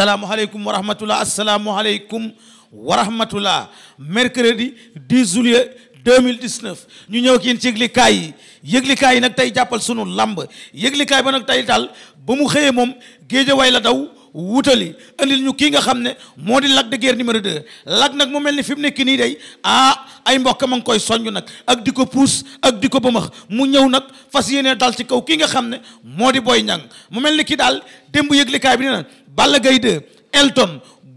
asalaamualeykum wa rahmatullah asalaamualeykum wa rahmatullah mercredi 10 juillet 2019 ñu ñëw kiin ci yëglikaay yi yëglikaay yi nag tey jàppal sunu lamb yëglikaay ba nag tey daal ba mu xëyee moom way la daw wutali andil ñu kii nga xam ne moo di Lac de Guiers numéro 2 nag mu mel ni fi mu nekk nii dey ah ay mbokk ma ngi koy soññ nag ak di ko puus ak di ko bëmax mu ñëw nag fas yéene dal ci kaw kii nga xam ne moo di Boy Niang mu mel ni kii daal démb yëglikaay bi nee na Balla Gaye 2 Elton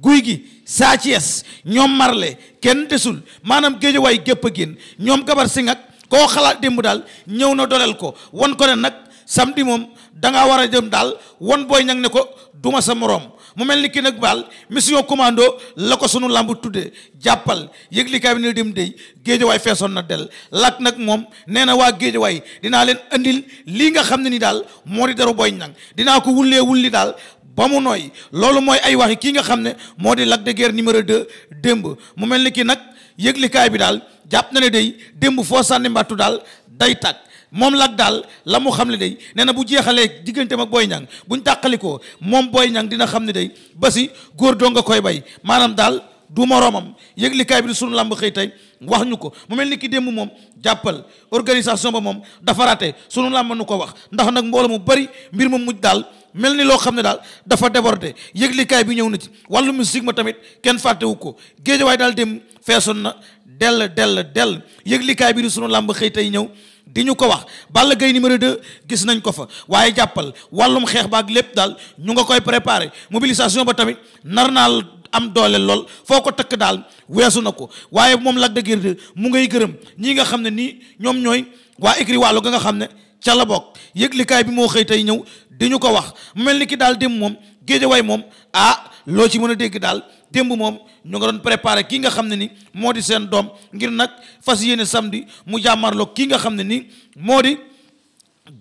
Guy gi Sa Thiès ñoom marle kenn desul maanaam géejawaay gépp a génn ñoom gabar si nag koo xalaat démb daal ñëw na doleel ko wan ko ne nag samedi moom dangaa war a jëm daal wan booy ñang ne ko duma sa moroom mu mel ni ki nag baal mission commando la ko sunu làmb tuddee jàppal yëg li kaay bi ne dem dey géejawaay feesoon na del lak nag moom nee na waa géejawaay dinaa leen andil lii nga xam ne nii daal moo di daru boy ñang dinaa ko wullee wulli daal ba mu nooy loolu mooy ay waxi kii nga xam ne moo di Lac de Guiers numéro 2 démb mu mel ni ki nag yëglikaay bi daal jàpp na ne day demb foo sànni mbàttu daal day tàkk moom Lac daal la mu xam ne day nee na bu jeexalee diggante ak booy Niang bu ñu tàqalikoo moom booy Niang dina xam ne day basi góor doo nga koy bay maanaam daal du moroomam yëglikaay bi di sunu làmb xëy tey wax ñu ko mu mel ni kii démb moom jàppal organisation ba moom dafa raté sunu làmb nu ko wax ndax nag mbooloo mu bari mbir ma mujj daal mel ni loo xam ne daal dafa débordé yëglikaay bi ñëw na ci mu musique ma tamit kenn fàttewu ko géejawaay daal dem feesoon na dell dell dell yëglikaay bi di sunu làmb xëy tey ñëw di ñu ko wax Balla Gaye numéro 2 gis nañ ko fa waaye jàppal wàllum xeex baak lépp daal ñu nga koy préparé mobilisation ba tamit nar naa am doole lool foo ko takk daal weesu na ko waaye moom Lac de mu ngay gërëm ñii nga xam ne nii ñoom ñooy waa écrit wàllu ga nga xam ne ca la bokk yëglikaay bi moo xëy tey ñëw di ñu ko wax mel ni ki daal dem moom géejawaay moom ah loo ci mën a dégg daal démb moom ñu nga doon préparer kii nga xam ne ni moo di seen doom ngir nag fas yéene samedi mu jàmmarloo kii nga xam ne ni moo di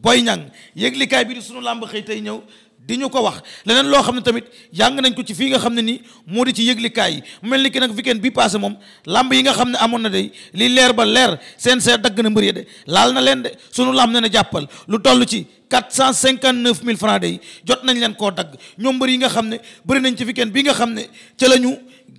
booy Niang yëglikaay bi di sunu làmb xëy tey ñëw di ñu ko wax leneen loo xam ne tamit jàng nañ ko ci fii nga xam ne nii moo di ci yëglikaay yi mel ni ki nag weekend bi passé moom lamb yi nga xam ne amoon na day li leer ba leer seen seet dagg na mbër yi de laal na leen de sunu lamb ne na jàppal lu toll ci quatre cent cinquante neuf mille francs day jot nañ leen koo dagg ñoom mbër yi nga xam ne bëri nañ ci weekend bi nga xam ne ca la ñu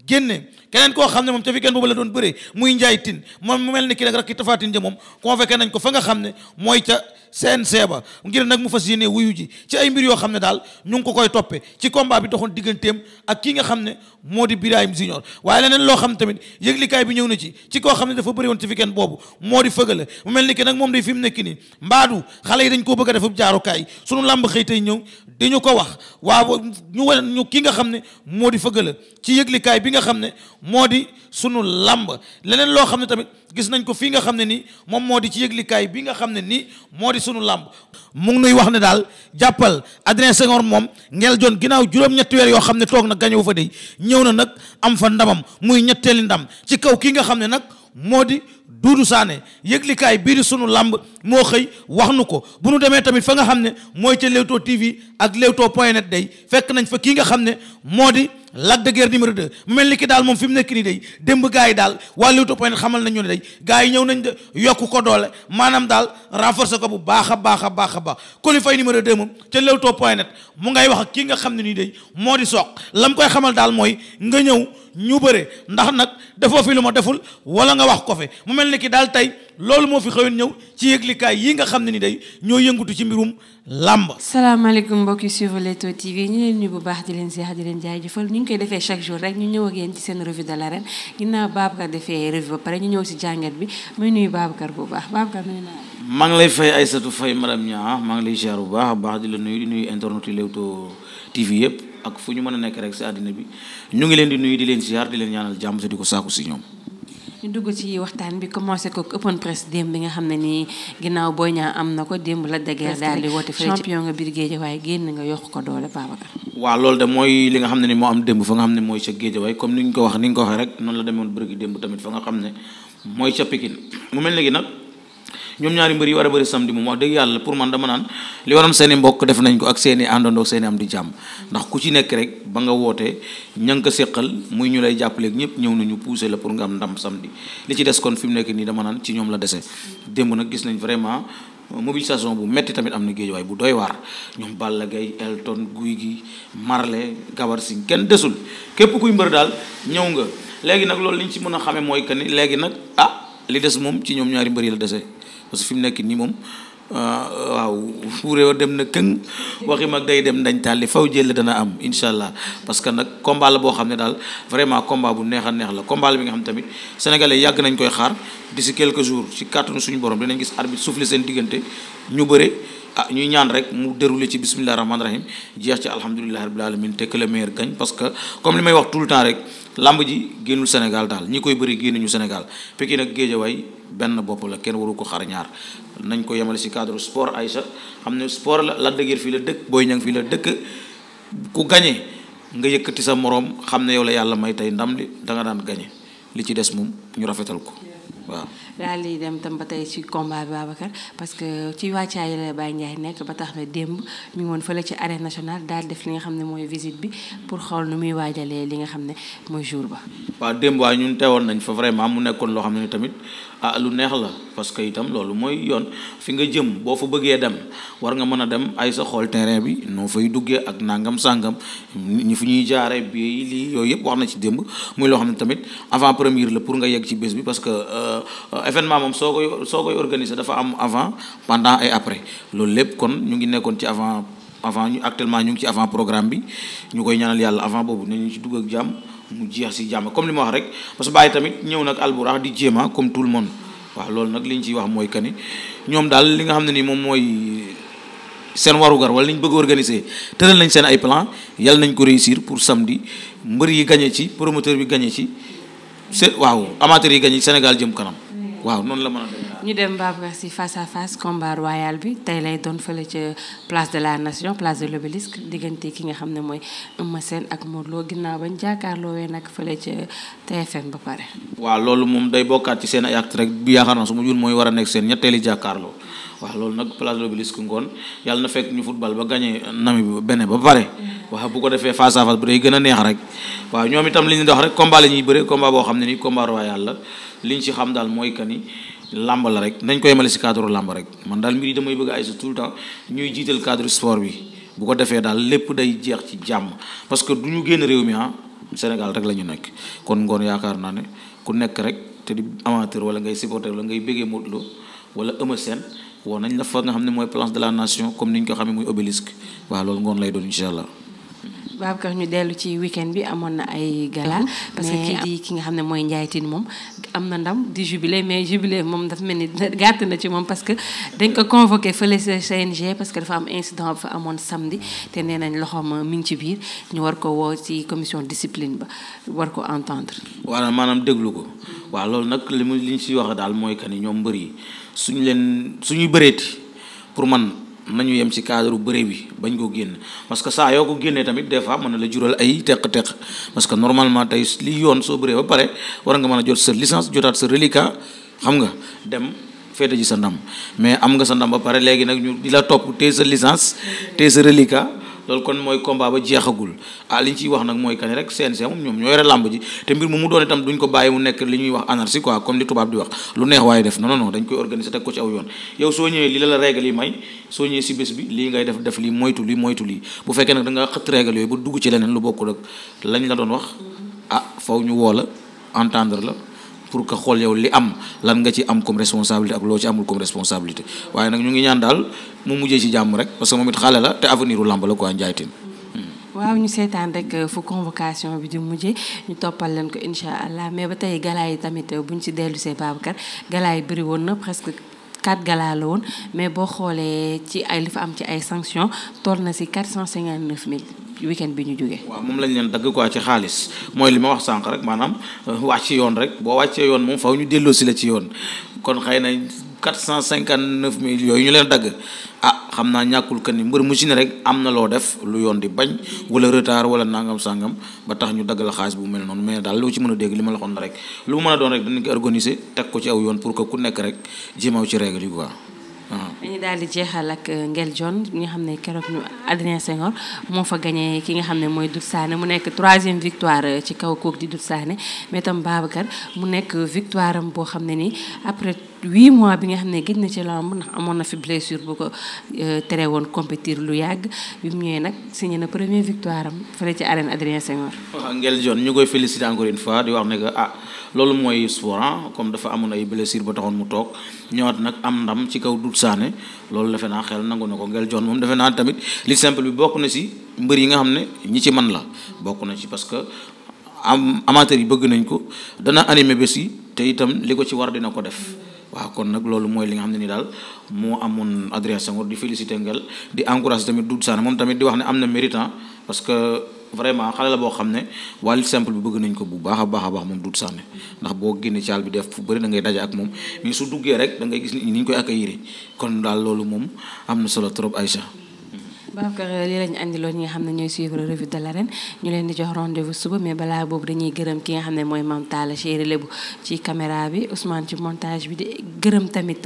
génne keneen koo xam ne moom ca fi kenn boobu la doon bëree muy njaay tin moom mu mel ni ki nag rakki tafaatin ja moom convoqué nañ ko fa nga xam ne mooy ca CNG ba ngir nag mu fas yéene wuyu ji ci ay mbir yoo xam ne daal ñu ngi ko koy toppe ci combat bi doxoon digganteem ak ki nga xam ne moo di Birahim Junior waaye leneen loo xam tamit yëglikaay bi ñëw na ci ci koo xam ne dafa bëri woon ci fi kenn boobu moo di la mu mel ni ki nag moom day fi mu nekk nii mbaadu xale yi dañ koo bëgg a defub jaarukaay sunu làmb xëy tey ñëw di ñu ko wax waaw ñu wane ñu ki nga xam ne moo di la ci yëglikaay bi nga xam ne moo di sunu làmb leneen loo xam ne tamit gis nañ ko fii nga xam ne nii moom moo di ci yëglikaay bii nga xam ne nii moo di sunu làmb mu ngi nuy wax ne daal jàppal Adrien Senghor moom ngeel joon ginnaaw juróom-ñetti weer yoo xam ne toog na gañëwu fa dey ñëw na nag am fa ndamam muy ñetteeli ndam ci kaw kii nga xam ne nag moo di duudu saane yëglikaay bii di sunu làmb moo xëy wax nu ko bu nu demee tamit fa nga xam ne mooy ca Leewtoo TV ak Leewtoo point net day fekk nañ fa kii nga xam ne moo di Lac de Guiers numéro mu mel ni ki daal moom fi mu nekk nii day démb gaa yi daal waa Leewtoo point xamal nañu ne day gars yi ñëw nañ yokk ko doole maanaam daal renforcer ko bu baax a baax a baax a baax Coly Faye numéro 2 moom ca Leewtoo point net mu ngay wax ak kii nga xam ne nii day moo di soog lam koy xamal daal mooy nga ñëw ñu bëre ndax nag defoo fi lu ma deful wala nga wax ko mu mel ni ki daal tey loolu moo fi xëyoon ñëw ci yëglikaay yi nga xam ne ni day ñoo yëngatu ci mbirum làmb salaamaaleykum mbokk yi suivre Leewtoo TV ñu leen bu baax di leen seex di leen jaajëfal ñu ngi koy defee chaque jour rek ñu ñëw ak yéen seen revue de l'arène ginnaaw Babacar defee revue ba pare ñu ñëw si jàngat bi muy nuyu Babacar bu baax Babacar nuyu naa maa ngi lay fay Aïssatou Faye madame Nia maa ngi lay ziar bu baax baax di la nuyu di nuyu internet yi Leewtoo TV yëpp ak fu ñu mën a nekk rek si àddina bi ñu ngi leen di nuyu di leen ziar di leen ñaanal jàmm te di ko saaku si ñoo ñu dugg ci waxtaan bi commencé ko open press démb bi nga xam ne nii ginnaaw Boy Niang am na ko démb la dëgër daal di woote fële champion nga biir Géejawaay génn nga yokk ko doole Babacar waaw loolu de mooy li nga xam ne ni moo am démb fa nga xam ne mooy ca Géejawaay comme ni ñu ko wax ni nga ko waxee rek noonu la demoon bërëg démb tamit fa nga xam ne mooy ca Pikine mu mel léegi nag ñoom ñaari mbër yi war a bëri samedi moom wax dëgg yàlla pour man dama naan li waroon seen i mbokk def nañ ko ak seen i àndandoo seen am di jàmm ndax ku ci nekk rek ba nga wootee ña nga ko séqal muy ñu lay jàppaleeg ñëpp ñëw nañu pousser la pour nga am ndam samedi li ci des kon fi mu nekk nii dama naan ci ñoom la dese démb nag gis nañ vraiment mobilisation bu metti tamit am na géejuwaay bu doy waar ñoom Balla Gaye Elton Guy gi Marley Gabar si kenn desul képp kuy mbër daal ñëw nga léegi nag a mooy que ni léegi nag ah li des moom ci ñoom ñaari mbër yi la dese parce que fi mu nekk nii moom ah, waaw fuuree wa dem na këng waxi mag day dem dañ tàlli faw jël dana am incha allah parce que nag combat la boo xam ne daal vraiment combat bu neex a neex la combat bi nga xam tamit sénégalais yàgg nañ koy xaar di d'ici quelques jours ci kàttanu suñu borom dinañ gis arbitre souffle seen diggante ñu bëre. ah ñuy ñaan rek mu déroulé ci bisimilah rahmaani rahim jeex ci alhamdulilah rabil alamin te que le parce que comme li may wax tout rek làmb ji génnul Sénégal daal ñi koy bëri génnuñu Sénégal Pikine ak Géejawaay benn bopp la kenn waru ko xar ñaar nañ ko yemale si cadre sport Aïcha xam ne sport la la dëgër fii la dëkk Boy Niang fii la dëkk ku gañe nga yëkkati sa moroom xam ne yow la yàlla may tey ndam li da nga daan gañe li ci des moom ñu rafetal ko daal di dem tam ba tey ci combat bi Babacar parce que ci wàccaay la Baye Ndiaye nekk ba tax na démb muy ngi woon fële ci arène national daal def li nga xam ne mooy visite bi pour xool nu muy waajalee li nga xam ne mooy jour ba. waaw démb waaye ñun teewoon nañ fa vraiment mu nekkoon loo xam ne tamit ah lu neex la parce que itam loolu mooy yoon fi nga jëm boo fa bëggee dem war nga mën a dem ay sa xool terrain bi noo fay duggee ak nangam sangam ñi fu ñuy jaaree bii lii yooyu yëpp wax na ci démb muy loo xam ne tamit avant première la pour nga yegg ci bés bi parce que. Euh, événement moom soo koy soo koy organiser dafa am avant pendant ay après loolu lépp kon ñu ngi nekkoon ci avant avant ñu actuellement ñu ngi ci avant programme bi ñu koy ñaanal yàlla avant boobu nañu ci dugg ak jàmm mu jeex si jàmm comme li ma wax rek parce que Baye tamit ñëw nag alburax di jéema comme tout le monde waaw loolu nag li ñu ciy wax mooy que ni ñoom daal li nga xam ne nii moom mooy seen warugar wala li ñu bëgg organiser tëral nañ seen ay plan yàlla nañ ko réussir pour samedi mbër yi gagné ci promoteur bi gagné ci se waaw amateur yi gagné Sénégal jëm kanam. waaw noonu la mën ñu dem Babacar Sy face à face combat royal bi tey lay doon fële ca place de la nation place de l'obélisque diggante ki nga xam ne mooy Eumeu Sène ak Modou Lo ginnaaw bañ jàkkaarloowee nag fële ca TFM ba pare. waaw loolu moom day bokkaat ci seen ay acte rek bi yaakaar naa su ma jul mooy war nekk seen ñetteeli jàkkaarloo waaw loolu nag place de l'obélisque ngoon yàlla na fekk ñu football ba gagné nami bi bene ba pare. waaw bu ko defee face à bu day gën a neex rek waaw ñoom itam li ñu dox rek combat la ñuy bëre boo xam ne nii combat royal la. liñ ci xam daal mooy que ni làmb la rek nañ ko yemale si cadre làmb rek man daal mbir yi damay bëgg ay sa tout ñuy jiital cadre sport bi bu ko defee daal lépp day jeex ci jàmm parce que du ñu génn réew mi ah Sénégal rek la ñu nekk kon ngoon yaakaar naa ne ku nekk rek te di amateur wala ngay supporter wala ngay bëggee Modou Lo wala Eumeu Sène woo nañ la fa nga xam ne mooy place de la nation comme ni ko xamee muy obélisque waaw loolu ngoon lay doon incha Babacar ñu dellu ci weekend bi amoon na ay gala mhm. parce que ki nga xam ne mooy Ndiaye Tine moom am na ndam di jubilé mais jubilee moom dafa mel ni gàtt na ci moom parce que dañ ko convoqué fële sa CNG parce que dafa am incident fa amoon samedi te nee nañ loxoom mi ngi ci biir ñu war ko woo ci commission discipline ba war ko entendre. waaw maanaam déglu ko waaw loolu nag li mu li ñu si wax daal mooy que ni ñoom mbër yi suñu leen suñu bëreeti pour man. nañu yem ci cadre bëre bi bañ koo génn parce que saa yoo ko génnee tamit des man mën na la jural ay teq-teq parce que normalement tey li yoon soo bëree ba pare war nga mën a jot sa licence jotaat sa reliquat xam nga dem féete ji sa ndam mais am nga sa ndam ba pare léegi nag ñu di la topp téye sa licence téye sa reliquat loolu kon mooy combat ba jeexagul ah li ñu ci wax nag mooy kani rek CNC moom ñoom ñoo yore làmb ji te mbir mu mu doon itam duñ ko bàyyi mu nekk li ñuy wax anarchie quoi comme li tubaab di wax lu neex waaye def non non non dañ koy organiser teg ko ci aw yoon yow soo ñëwee li la la règle yi may soo ñëwee si bés bi lii ngay def def lii moytu lii moytu lii bu fekkee nag da nga xëtt règle yooyu ba dugg ci leneen lu bokkul ak lañ la doon wax ah faw ñu woo la entendre la pour que xool yow li am lan nga ci am comme responsabilité ak loo ci amul comme responsabilité waaye nag ñu ngi ñaan daal mu mujjee ci jàmm rek parce que moom it xale la te avenir u la quoi Ndiaye Tine hmm. waaw ñu seetaan rek euh, fu convocation bi di mujje ñu toppal leen ko incha allah mais ba tey gala yi tamit euh, bu ñu ci dellu see Babacar gala yi bëri woon na presque quatre gala la woon mais boo xoolee ci ay li fa am ci ay sanctions toll na si quatre cent cinquante neuf mille weekend bi ñu jógee waaw moom lañ leen dagg quoi ci xaalis mooy li ma wax sànq rek maanaam euh, wax ci yoon rek boo wàccee yoon moom faw ñu delloo si la ci yoon kon xay na quatre cent cinquante neuf mille yooyu ñu leen dagg ah xam naa ñàkkul que ni mbër mu si ne rek am na loo def lu yoon di bañ wala retard wala nangam sangam ba tax ñu dagg la xaalis bu mel noonu mais daal loo ci mën a dégg li ma la waxoon la rek lu mu mën a doon rek dañ ko organiser teg ko ci aw yoon pour que ku nekk rek ci règle yi quoi daal di jeexal ak euh, Ngel John ñi nga xam ne keroog ñu Adrien Senghor moo fa gagné ki nga xam ne mooy Doudou saane mu nekk troisième victoire euh, ci kaw kooku di Doudou Sané mais tam Babacar mu nekk victoire am boo xam ne nii après. huit mois bi nga xam ne gëj na ci làmb ndax amoon na fi blessure bu ko euh, tere woon compétir lu yàgg bi mu ñëwee nag signé na première victoire am fële ci arène Adrien Senghor. ñu koy féliciter encore une fois di wax ne que ah, mooy sport ah, comme dafa amoon ay blessure ba taxoon mu toog ñëwaat nag am ndam ci kaw Doudou Sané loolu defe naa xel nangu na ko Ngel Dione moom defe naa tamit li simple bi bokk na si mbër yi nga xam ne ñi ci man la bokk na ci parce que. am amateur yi bëgg nañ ko dana animé bés yi te itam li ko ci war dina ko def waaw kon nag loolu mooy li nga xam ne ni daal moo amoon Adrien Senghor di féliciter Nguel di encourager tamit Doudou Sané moom tamit di wax ne am na méritant ah, parce que vraiment xale la boo xam ne wàllu simple bi bëgg nañ ko bu baax a baax a baax moom Doudou Sané ndax boo génne caal bi def fu bëri da ngay daje ak moom mais su duggee rek dangay gis gis ni ñu koy accueillir kon daal loolu moom am na solo trop Aïcha Babacar lii lañu andiloon ñi nga xam ne ñooy suivre revue de l'arène ñu leen di jox rendez-vous suba mais balaa boobu dañuy gërëm ki nga xam ne mooy Mame Talla Chéri Lébu ci caméra bi Ousmane ci montage bi di gërëm tamit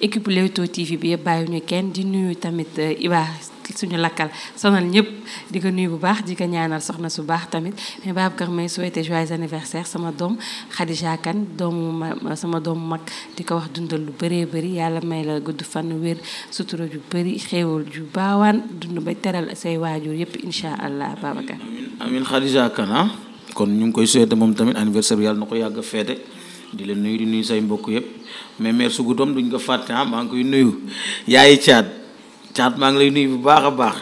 équipe Leewtoo TV bi yëpp bàyyi ñu kenn di nuyu tamit euh, Iba suñu lakkal sonal ñëpp di ko nuyu bu baax di ko ñaanal soxna su baax tamit mais Babacar may souhaité joyeux anniversaire sama doom Khadija Kane doomu ma sama doomu mag di ko wax dundal lu bëree bari yàlla may la gudd fan wér sutura ju bëri xéewal ju baawaan dund ba teral say waajur yëpp incha allah Babacar. amiin amiin ah. kon ñu ngi koy souhaité moom tamit anniversaire bi yàgg a di leen nuyu di nuyu say mbokk yëpp mais mère sugu doom duñ ko fàtte ah maa ngi koy nuyu yaay caat caat maa ngi lay nuyu bu baax a baax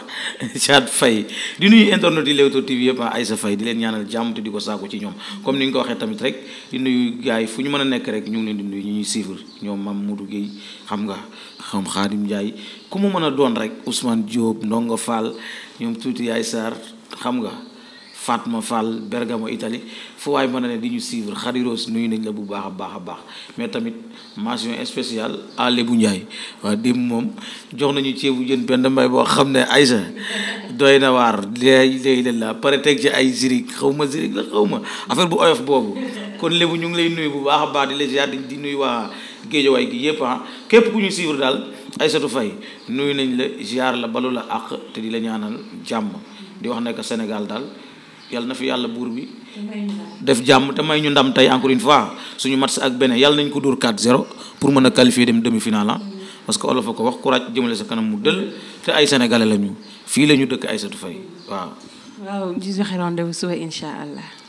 caat fay di nuyu internet yi Leewtoo TV yëpp ay ah, sa fay di leen ñaanal jàmm te di ko saako ci ñoom comme ni nga ko waxee tamit rek di nuyu gars fu ñu mën a nekk rek ñu ngi leen di nuyu ñu ñuy suivre ñoom Mame Modou Guèye xam nga xam Xaadim jaay ku mu mën a doon rek Ousmane Diop Ndongo Fall ñoom tuuti yaay Sarr xam nga Fatma Fall Bergamo Italie fu waay mën a ne di ñu suivre Khady Rose nuyu nañ la bu baax a baax a baax mais tamit mention spéciale à Lébou Ndiaye waaw démb moom jox nañu ceebu jën benn mbay boo xam ne Aïssa doy na waar léegi léegi la pare teg ci ay zirik xaw ma zirik la xaw ma bu oyof boobu kon Lébou ñu ngi lay nuyu bu baax a baax di la ziar di nuyu waa géejawaay gi yëpp ah képp ku ñu suivre daal Aïssatou Faye nuyu nañ la ziar la balu la àq te di la ñaanal jàmm di wax nekk Sénégal daal. yàlla na fi yàlla buur bi def jàmm te may ñu ndam tey encore fois suñu match ak beneen yàlla nañ ko dóor 4-0 pour mën a qualifier dem demi-finale ah olof a ko wax courage jëmale sa kanam mu dël te ay sénégalais la ñu fii la ñu dëkk Aïssatou Faye waaw waaw di joxe rendez-vous suba incha allah